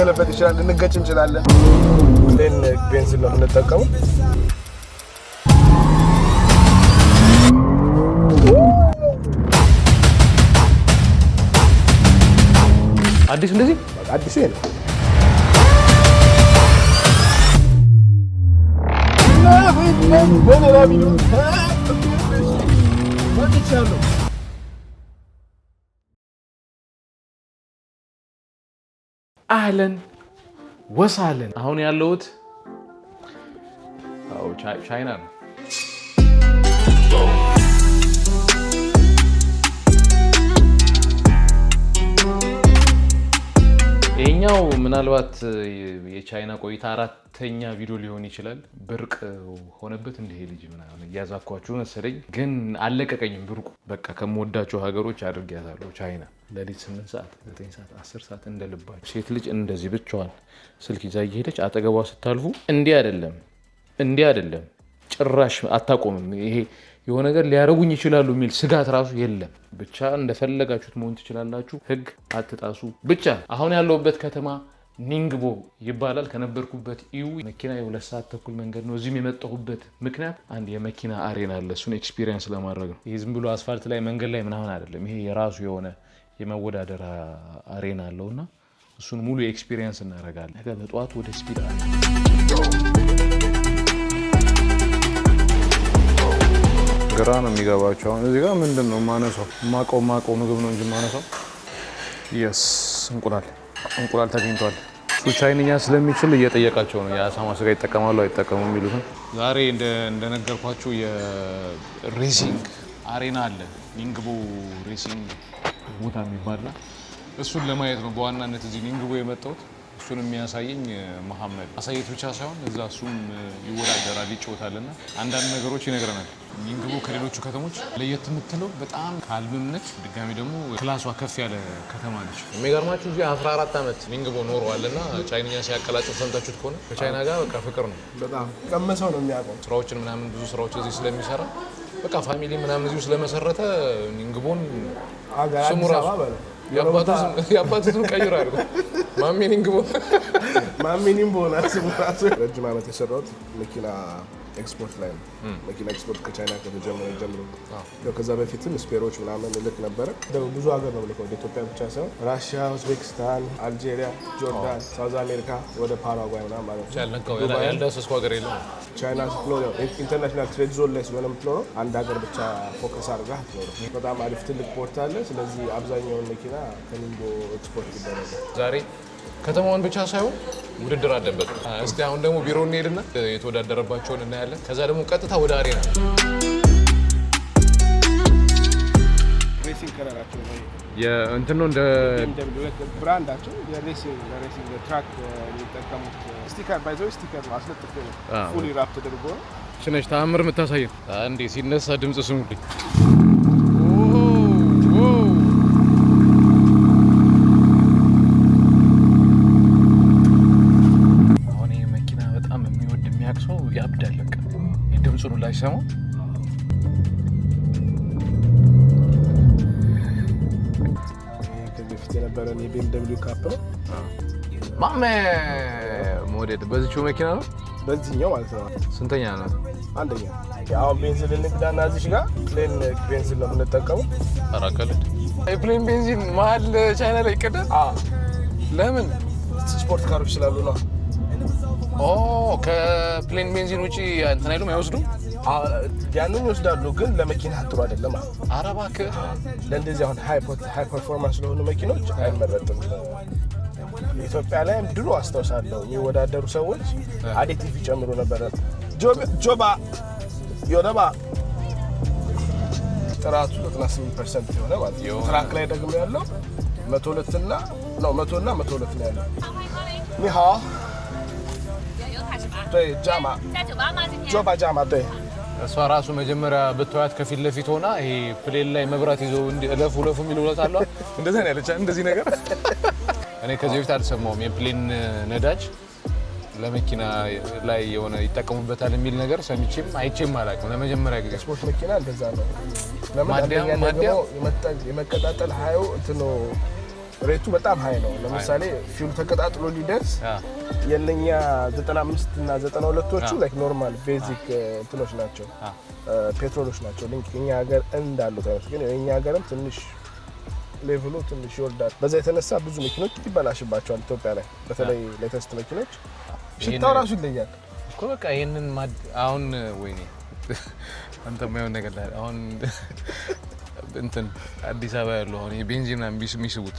ልንገለበጥ ይችላል፣ ልንገጭ እንችላለን። ሁሌን ቤንዚን ነው የምንጠቀሙ። አዲስ እንደዚህ አዲስ ነው። ወደቻለሁ አህለን ወሳለን። አሁን ያለሁት ቻይና ነው። ይሄኛው ምናልባት የቻይና ቆይታ አራተኛ ቪዲዮ ሊሆን ይችላል። ብርቅ ሆነበት እንደ ልጅ ምናምን እያዛኳችሁ መሰለኝ፣ ግን አለቀቀኝም ብርቁ። በቃ ከምወዳቸው ሀገሮች አድርጊያታለሁ ቻይና ለሊት 8 ሰዓት 9 ሰዓት 10 ሰዓት እንደልባቸው። ሴት ልጅ እንደዚህ ብቻዋን ስልክ ይዛ እየሄደች አጠገቧ ስታልፉ እንዲህ አይደለም እንዲህ አይደለም ጭራሽ አታቆምም። ይሄ የሆነ ነገር ሊያረጉኝ ይችላሉ የሚል ስጋት ራሱ የለም። ብቻ እንደፈለጋችሁት መሆን ትችላላችሁ። ህግ አትጣሱ ብቻ። አሁን ያለሁበት ከተማ ኒንግቦ ይባላል። ከነበርኩበት ኢዩ መኪና የሁለት ሰዓት ተኩል መንገድ ነው። እዚህም የመጣሁበት ምክንያት አንድ የመኪና አሬና አለ። እሱን ኤክስፒሪየንስ ለማድረግ ነው። ይህ ዝም ብሎ አስፋልት ላይ መንገድ ላይ ምናምን አይደለም። ይሄ የራሱ የሆነ የመወዳደር አሬና አለው እና እሱን ሙሉ ኤክስፒሪየንስ እናደርጋለን። ነገ በጠዋት ወደ ስፒድ አለ ግራ ነው የሚገባቸው። አሁን እዚህ ጋር ምንድን ነው የማነሳው? ማቀው ማቀው ምግብ ነው እንጂ የማነሳው። የስ እንቁላል እንቁላል ተገኝቷል። ቻይንኛ ስለሚችል እየጠየቃቸው ነው የአሳማ ስጋ ይጠቀማሉ አይጠቀሙ የሚሉትን። ዛሬ እንደነገርኳቸው የሬሲንግ አሬና አለ ኒንግቦ ሬሲንግ ቦታ ነው። እሱን ለማየት ነው በዋናነት እዚህ ሊንግቦ የመጣሁት። እሱን የሚያሳየኝ መሐመድ አሳየት ብቻ ሳይሆን እዛ እሱም ይወዳደራል ይጫወታልና አንዳንድ ነገሮች ይነግረናል። ሊንግቦ ከሌሎቹ ከተሞች ለየት የምትለው በጣም ካልምም ድጋሚ ደግሞ ክላሷ ከፍ ያለ ከተማ ነች። የሚገርማችሁ እዚህ 14 ዓመት ሊንግቦ ኖረዋልና ቻይንኛ ሲያቀላጭ ሰምታችሁት ከሆነ ከቻይና ጋር በቃ ፍቅር ነው። በጣም ቀመሰው ነው የሚያውቀው ስራዎችን ምናምን ብዙ ስራዎች እዚህ ስለሚሰራ በቃ ፋሚሊ ምናምን እዚሁ ስለመሰረተ ሊንግቦን ስሙ ራሱ የአባቱ ቀይር አድርጎ ስሙ ራሱ ረጅም ዓመት የሰራሁት መኪና ኤክስፖርት ላይ ነው። መኪና ኤክስፖርት ከቻይና ከተጀመረ ጀምሮ ከዛ በፊትም ስፔሮች ምናምን ልክ ነበረ። ብዙ ሀገር ነው ልከው ኢትዮጵያ ብቻ ሳይሆን ራሽያ፣ ኡዝቤክስታን፣ አልጄሪያ፣ ጆርዳን፣ ሳውዝ አሜሪካ ወደ ፓራጓይ ምናምን ማለት ያልዳሰስኩ ቻይና ስትኖር ኢንተርናሽናል ትሬድ ዞን ላይ ስለሆነ የምትኖረው አንድ ሀገር ብቻ ፎከስ አድርጋ አትኖረው። በጣም አሪፍ ትልቅ ፖርት አለ። ስለዚህ አብዛኛውን መኪና ከኒምቦ ኤክስፖርት ይደረጋል ዛሬ ከተማውን ብቻ ሳይሆን ውድድር አለበት። እስቲ አሁን ደግሞ ቢሮ እንሄድና የተወዳደረባቸውን እናያለን። ከዛ ደግሞ ቀጥታ ወደ አሬና እንትን ነው እንደ ብራንዳቸው ትራክ የሚጠቀሙት ስቲከር ባይዘው ስቲከር ነው አስለጥፌ ነው ራፕ ተደርጎ ሽነሽ ተአምር የምታሳየን እንዴ ሲነሳ ድምፅ ስሙልኝ የምትሰማው። በፊት የነበረን የቤም ካፕ ነው ማመ መውደድ በዚችው መኪና ነው በዚህኛው ማለት ነው። ስንተኛ ነው? አንደኛ። አሁን ቤንዚን ልንግዳና እዚህ ጋር ፕሌን ቤንዚን ነው የምንጠቀመው። አራቀልድ የፕሌን ቤንዚን መሀል ቻይና ላይ ይቀዳል። ለምን? ስፖርት ካሮች ስላሉ ነው ከፕሌን ቤንዚን ውጭ እንትን አይሉም አይወስዱም። ያንን ይወስዳሉ፣ ግን ለመኪና ጥሩ አይደለም። ኧረ እባክህ ለእንደዚህ አሁን ሃይ ፐርፎርማንስ ለሆኑ መኪኖች አይመረጥም። ኢትዮጵያ ላይም ድሮ አስታውሳለሁ የሚወዳደሩ ሰዎች አዴቲቭ ይጨምሩ ነበረ። ጆባ ዮነባ ጥራቱ 98 ፐርሰንት የሆነ ትራክ ላይ ደግሞ ያለው መቶ ሁለት እና መቶ እና መቶ ሁለት ነው ያለው ኒሃ 对 ጃማ ራሱ መጀመሪያ ብትዋያት ከፊት ለፊት ሆና ይሄ ፕሌን ላይ መብራት ይዞ እለፉ እለፉ የሚል ውለት አለ። እንደዛ ነው ያለች። እንደዚህ ነገር እኔ ከዚህ በፊት አልሰማውም። የፕሌን ነዳጅ ለመኪና ላይ የሆነ ይጠቀሙበታል የሚል ነገር ሰምቼም አይቼም አላውቅም። ለመጀመሪያ ጊዜ ስፖርት መኪና እንደዛ ነው። ለምን አንደኛ የመቀጣጠል ሀዩ እንትን ነው ሬቱ በጣም ሀይ ነው። ለምሳሌ ፊውል ተቀጣጥሎ ሊደርስ የነኛ 95 እና 92ዎቹ ላይክ ኖርማል ቤዚክ እንትኖች ናቸው፣ ፔትሮሎች uh, ናቸው። ሊንክ እኛ ሀገር እንዳሉት አይነት ግን የኛ ሀገርም ትንሽ ሌቭሉ ትንሽ ይወርዳል። በዛ የተነሳ ብዙ መኪኖች ይበላሽባቸዋል ኢትዮጵያ ላይ በተለይ ሌተስት መኪኖች ሽታው ራሱ ይለያል እኮ በቃ ይህንን አሁን ወይኔ አንተ የሚሆን ነገር አሁን እንትን አዲስ አበባ ያለው አሁን ቤንዚን ሚስቡት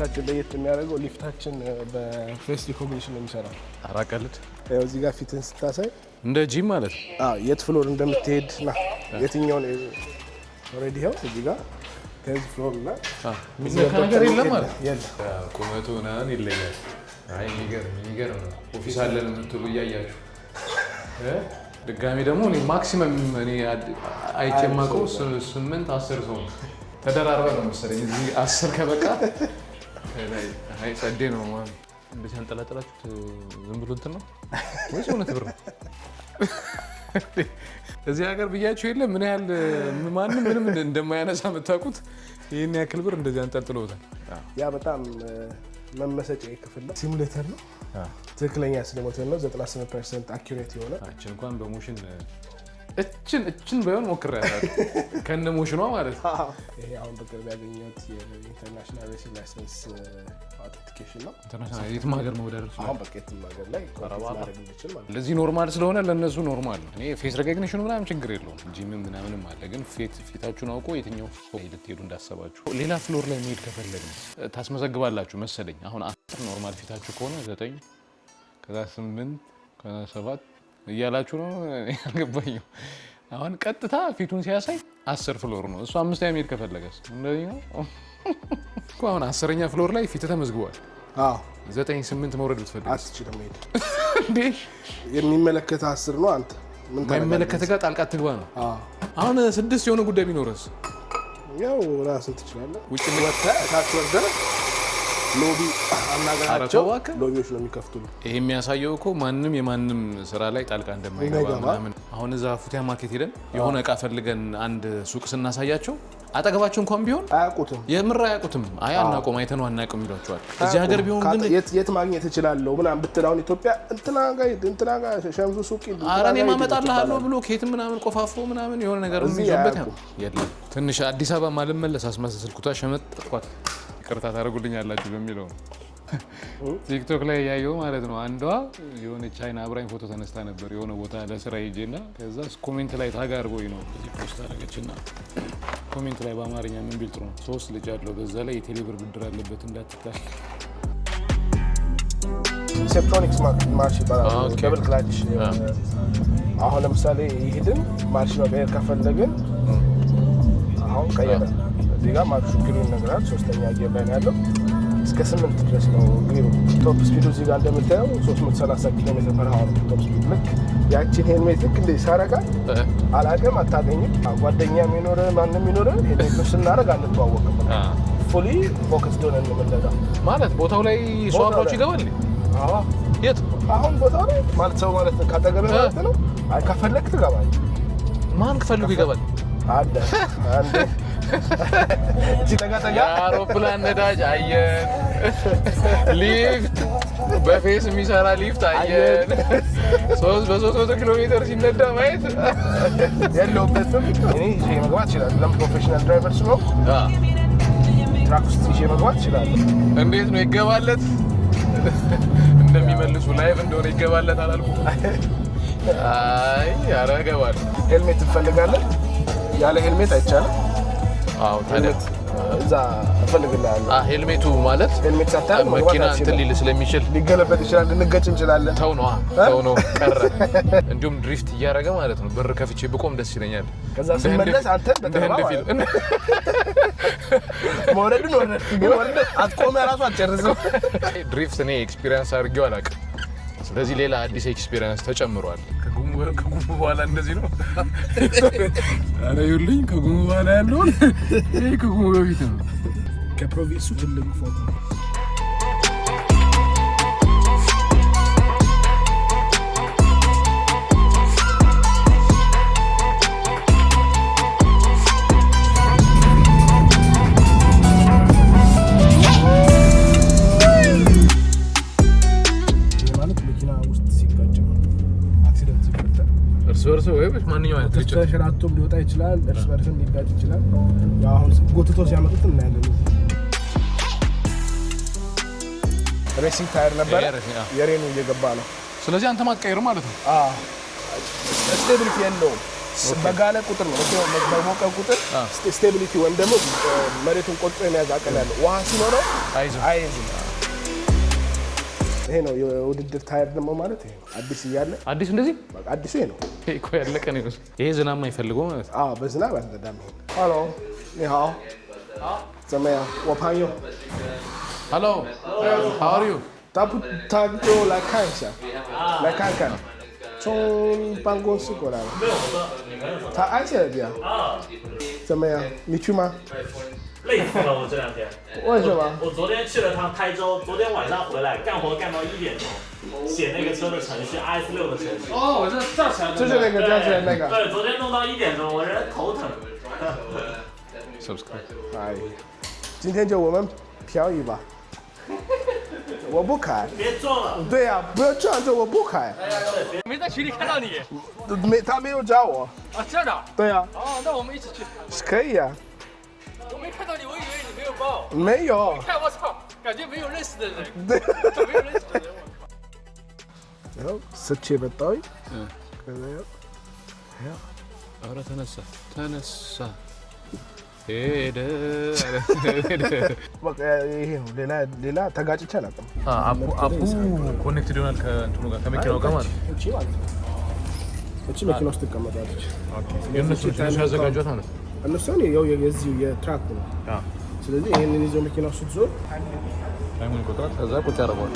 ሊፍታችን ለየት የሚያደርገው ሊፍታችን በፌስ ሪኮግኒሽን ነው የሚሰራው። ኧረ ያው እዚህ ጋር ፊትን ስታሳይ እንደ ጂም ማለት ነው። የት ፍሎር እንደምትሄድ ና የትኛውን ኦልሬዲ ይኸው እዚህ ጋር ከዚ ፍሎር ና ነገር የለም ማለት የለም። ቁመቱ ምናምን ይለያል። አይ የሚገርም የሚገርም ነው። ኦፊስ አለን የምትሉ እያያችሁ ድጋሚ ደግሞ ማክሲመም እኔ አይቼ የማውቀው ስምንት አስር ሰው ነው። ተደራርበ ነው መሰለኝ እዚህ አስር ከበቃ ጸዴ ነው። እንደዚህ አንጠላጠላችሁት ዝም ብሎ እንትን ነው ወይስ እውነት ብር ነው? እዚህ ሀገር ብያችሁ የለ ምን ያህል ማንም ምንም እንደማያነሳ የምታውቁት ይህን ያክል ብር እንደዚህ አንጠልጥለውታል። ያ በጣም መመሰጫ ክፍል ነው። ሲሙሌተር ነው። ትክክለኛ ስለሞተር ነው። 98 ፐርሰንት አኪሬት የሆነ እንኳን በሞሽን እችን እችን ባይሆን ሞክር ከነ ሞሽኗ ማለት ነው። ይሄ አሁን በቅርብ ያገኘሁት የኢንተርናሽናል ሬሲንግ ላይሰንስ አውተንቲኬሽን ነው። ኢንተርናሽናል የትም ሀገር መውደር አሁን በቃ የትም ሀገር ላይ ለዚህ ኖርማል ስለሆነ ለእነሱ ኖርማል ነው። እኔ ፌስ ሬኮግኒሽኑ ምናምን ችግር የለውም ጂም ምናምንም አለ። ግን ፊታችሁን አውቆ የትኛው ልትሄዱ እንዳሰባችሁ ሌላ ፍሎር ላይ መሄድ ከፈለግን ታስመዘግባላችሁ መሰለኝ። አሁን አስር ኖርማል ፊታችሁ ከሆነ ዘጠኝ ከዛ ስምንት ከዛ ሰባት እያላችሁ ነው አልገባኝም። አሁን ቀጥታ ፊቱን ሲያሳይ አስር ፍሎር ነው እሱ አምስት ያ ሜድ ከፈለገስ እንደዚህ ነው እኮ። አሁን አስረኛ ፍሎር ላይ ፊት ተመዝግቧል። ዘጠኝ ስምንት መውረድ ብትፈልግ አትችልም። ሄድ እንዴ የሚመለከተ አስር ነው። አንተ የማይመለከተ ጋር ጣልቃ ትግባ ነው። አሁን ስድስት የሆነ ጉዳይ ቢኖረስ ያው ራስን ትችላለህ። ውጭ ወጥተህ ታች ወርደህ ሎቢ አናገራቸው ሎቢዎች ነው የሚከፍቱ። ይሄ የሚያሳየው እኮ ማንም የማንም ስራ ላይ ጣልቃ እንደማይገባ ምናምን። አሁን እዛ ፉቲያ ማርኬት ሄደን የሆነ እቃ ፈልገን አንድ ሱቅ ስናሳያቸው አጠገባቸው እንኳን ቢሆን አያውቁትም፣ የምር አያውቁትም። አይ አናውቅም፣ አይተነው አናውቅም ይሏቸዋል። እዚህ ሀገር ቢሆን ግን የት ማግኘት እችላለሁ ምናምን ብትል አሁን ኢትዮጵያ እንትና ጋር እንትና ጋር ሸምሱ ሱቅ ኧረ እኔ ማመጣልሃለሁ ብሎ ኬት ምናምን ቆፋፎ ምናምን የሆነ ነገር የሚይዙበት የለም። ትንሽ አዲስ አበባ ማልመለስ አስመሰልኩታ ሸመጥጥኳት ይቅርታ ታደርጉልኛላችሁ በሚለው ቲክቶክ ላይ ያየው ማለት ነው። አንዷ የሆነ ቻይና አብራኝ ፎቶ ተነስታ ነበር የሆነ ቦታ ለስራ ና ከዛ ኮሜንት ላይ ታጋ ነው ፖስት አደረገች ና ኮሜንት ላይ በአማርኛ ምን ቢል ጥሩ ነው፣ ሶስት ልጅ አለው በዛ ላይ የቴሌብር ብድር አለበት እንዳትታል። ሴፕቶኒክስ ማርሽ ይባላል። ደብል ክላች አሁን ለምሳሌ ይሄድን ማርሽ መቀየር ከፈለግን አሁን ቀየረ እዚህ ጋር ማርሹ ግሪን ይነግራል። ሶስተኛ ጌር ላይ ያለው እስከ ስምንት ድረስ ነው የሚሄደው። ቶፕ ስፒዱ እዚህ ጋር እንደምታየው 330 ኪሎ ሜትር ፐር ሀወር ነው ቶፕ ስፒድ። ልክ ያችን ሄልሜት ልክ እንደ ሳረጋት አላቅም አታገኝም። ጓደኛ የሚኖር ማንም የሚኖር ሄልሜት ስናደርግ አንተዋወቅም። ፉሊ ፎከስድ ሆነን የምንመለሰው ማለት ቦታው ላይ ሰዋባዎች ይገባል። የት አሁን ቦታው ላይ ማለት ሰው ማለት ካጠገበ ማለት ነው። ከፈለግ ትገባል ማን ከፈልጉ ይገባል አለ አንዴ የአውሮፕላን ነዳጅ አየን፣ ሊፍት በፌስ የሚሰራ ሊፍት አየን። በሶስት መቶ ኪሎ ሜትር ሲነዳ ማየት የለውበትም። እኔ ይዤ መግባት ይችላል። ፕሮፌሽናል ድራይቨር ስለሆንኩ ትራክ ውስጥ ይዤ መግባት ይችላል። እንዴት ነው ይገባለት እንደሚመልሱ ላይቭ እንደሆነ ይገባለት አላልኩም። አይ ኧረ እገባለሁ። ሄልሜት ትፈልጋለህ? ያለ ሄልሜት አይቻልም። እዛ እፈልግልሃለሁ። ሄልሜቱ ማለት መኪና እንትን ሊል ስለሚችል ሊገለበጥ ይችላል፣ ልንገጭ እንችላለን። ተው ነው ተው ነው ቀረ። እንዲሁም ድሪፍት እያደረገ ማለት ነው። በር ከፍቼ ብቆም ደስ ይለኛል። ድሪፍት እኔ ኤክስፒሪየንስ አድርጌው አላውቅም። ስለዚህ ሌላ አዲስ ኤክስፒሪየንስ ተጨምሯል። ከጉሙ በኋላ እንደዚህ ነው። ኧረ ይኸውልኝ ከጉሙ በኋላ ያለውን ከጉሙ በፊት ነው። ከፕሮቪንሱ ትልቅ ፎቶ እርስ በርስ ወይስ ማንኛውም አይነት ግጭት ተንሸራቶም ሊወጣ ይችላል። እርስ በርስም ሊጋጭ ይችላል። ያው አሁን ጎትቶ ሲያመጡት እናያለን። ሬሲንግ ታየር ነበረ የሬኑ እየገባ ነው። ስለዚህ አንተ ማትቀይር ማለት ነው። ስቴቢሊቲ የለውም። በጋለ ቁጥር ነው በሞቀ ቁጥር ስቴቢሊቲ ወይም ደግሞ መሬቱን ቆርጦ የመያዝ አቅል ያለው ውሃ ሲኖረው አይዝም ይሄ ነው የውድድር ታየር ደግሞ ማለት ይሄ ነው። አዲስ እያለ አዲስ እንደዚህ አዲስ ይሄ ነው እኮ ያለቀ ነው። ይሄ ዝናብ የማይፈልገው ማለት ነው። አዎ በዝናብ አልረዳም። ይሄ ሃሎ ኒሃ ዘመያ ወፓዮ ሃሎ ሃሪዩ ታፑ ታግቶ ላካንሻ ላካንካ 从办公室过来了，他安起来的呀？怎么样？你去吗？累死了我这两天。为什么？我昨天去了趟台州，昨天晚上回来干活干到一点钟，写那个车的程序 i s 六的程序。哦，我这起来就是那个，起来那个。对，昨天弄到一点钟，我人头疼。Subscribe。哎，今天就我们漂移吧。我不开。别撞了。对呀，不要撞车，我不开。哎呀，没在群里看到你。没，他没有加我。啊，这样的。对呀。哦，那我们一起去。可以呀。爆。没有，你看我操，感觉没有认识的人，没有认识的人，我靠。ያው ስቼ መጣሁኝ። ከዛ ያው ያው ኧረ ተነሳ ተነሳ ነው። ሌላ ተጋጭቼ አላውቅም። አቡ ኮኔክትድ ይሆናል ከእንትኑ ጋር ከመኪናው ጋር ማለት ነው። እቺ ማለት ነው እቺ መኪና ውስጥ ትቀመጣለች። የእነሱ ያዘጋጇት ማለት ነው። እነሱ ያው የትራክ ነው። ስለዚህ ይህንን ይዘው መኪና ውስጥ ዞር ሃይሙን ይቆጥራል። ከዛ ቁጭ ያደርገዋል።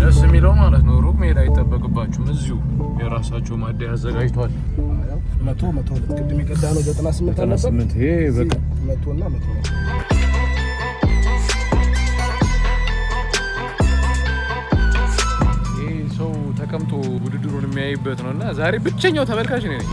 ደስ የሚለው ማለት ነው ሩቅ መሄድ አይጠበቅባችሁም። እዚሁ የራሳቸው ማደያ አዘጋጅቷል። መቶ መቶ ቅድም የቀዳ ነው ዘጠና ስምንት አለበት ይሄ በቃ መቶ እና መቶ ነው ሰው ተቀምጦ ውድድሩን የሚያይበት ነው እና ዛሬ ብቸኛው ተመልካች ነኝ።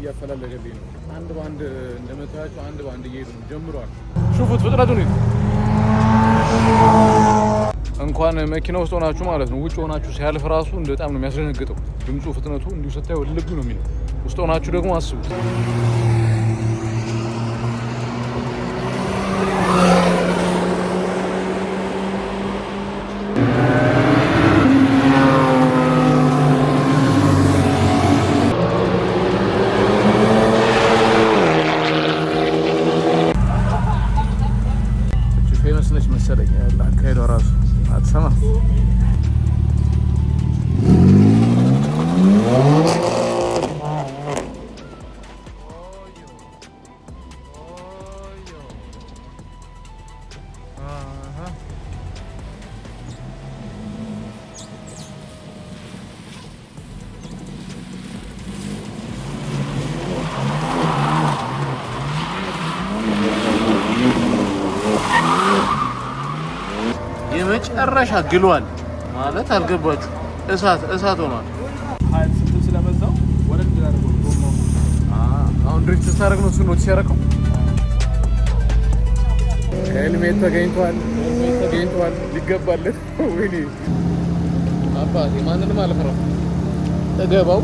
እያፈላለገልኝ ነው። አንድ በአንድ እንደምታያቸው አንድ በአንድ እየሄዱ ነው ጀምሯል። ሹፉት ፍጥነቱን እንኳን መኪና ውስጥ ሆናችሁ ማለት ነው ውጭ ሆናችሁ ሲያልፍ ራሱ በጣም ነው የሚያስደነግጠው ድምፁ፣ ፍጥነቱ እንዲሁ ስታዩ ልብ ነው የሚለው። ውስጥ ሆናችሁ ደግሞ አስቡት። ጭራሽ አግሏል ማለት አልገባችሁ። እሳት እሳት ሆኗል። አሁን ድሪፍት ስታደርግ ነው እሱ ኖት ሲያደርገው ሄልሜት ተገኝቷል፣ ሄልሜት ተገኝቷል። ሊገባለት ወይኔ አባቴ ማንንም አልፈራም እገባው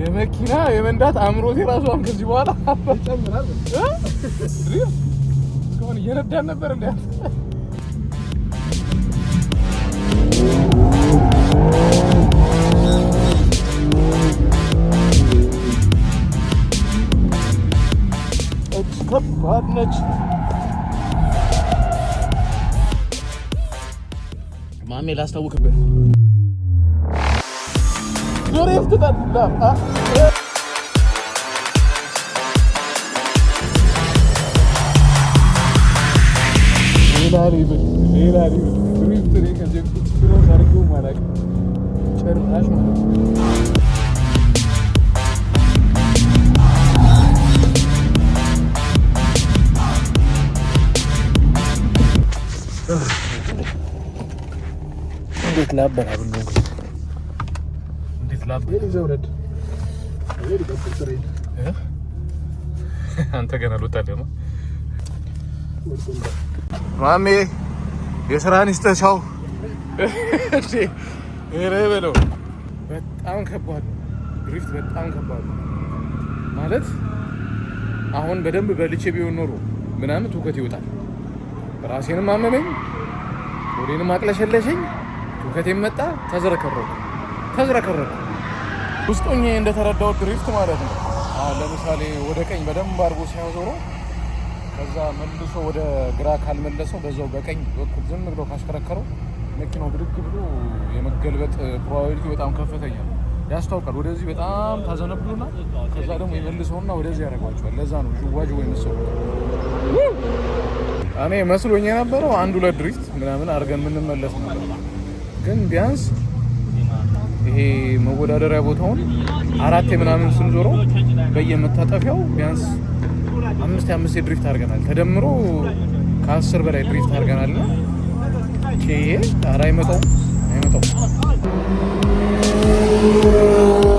የመኪና የመንዳት አእምሮቴ ራሱ አሁን ከዚህ በኋላ አፈጨምራል። እስካሁን እየነዳን ነበር እንዲ ከባድ ነች። ማሜ ላስታውቅብህ Drift that love, huh? ليلى هريبة ليلى هريبة دريفت ليك أجيب كتير وخارجوا مالك شارب عاش مالك ቤት ላበላ ብሎ አንተ ገና ልወጣለህ ነው ማሜ። የስራህን ይስጠሻው በለው። በጣም ከባድ ድሪፍት፣ በጣም ከባድ ማለት አሁን በደንብ በልቼ ቢሆን ኖሮ ምናምን ትውከት ይወጣል። ራሴንም አመመኝ፣ ወዴንም አቅለሸለሸኝ፣ ትውከቴም መጣ። ተዝረከረኩ ተዝረከረኩ ውስጡኝ እንደተረዳው ድሪፍት ማለት ነው። አሁን ለምሳሌ ወደ ቀኝ በደንብ አድርጎ ሲያዞረው ከዛ መልሶ ወደ ግራ ካልመለሰው በዛው በቀኝ በኩል ዝም ብሎ ካሽከረከረው መኪናው ብድግ ብሎ የመገልበጥ ፕሮባቢሊቲ በጣም ከፍተኛ ነው። ያስታውቃል። ወደዚህ በጣም ታዘነብሉና ከዛ ደግሞ የመልሰውና ወደዚህ ያደርጓቸዋል። ለዛ ነው ዥዋዥ ወይ መሰሉ እኔ መስሎኝ የነበረው አንድ ሁለት ድሪፍት ምናምን አድርገን የምንመለስ ነበር ግን ቢያንስ ይሄ መወዳደሪያ ቦታውን አራት የምናምን ስንዞረው በየመታጠፊያው ቢያንስ አምስት አምስት ድሪፍት አድርገናል። ተደምሮ ከአስር በላይ ድሪፍት አድርገናል። ና ይሄ ጣራ አይመጣውም አይመጣውም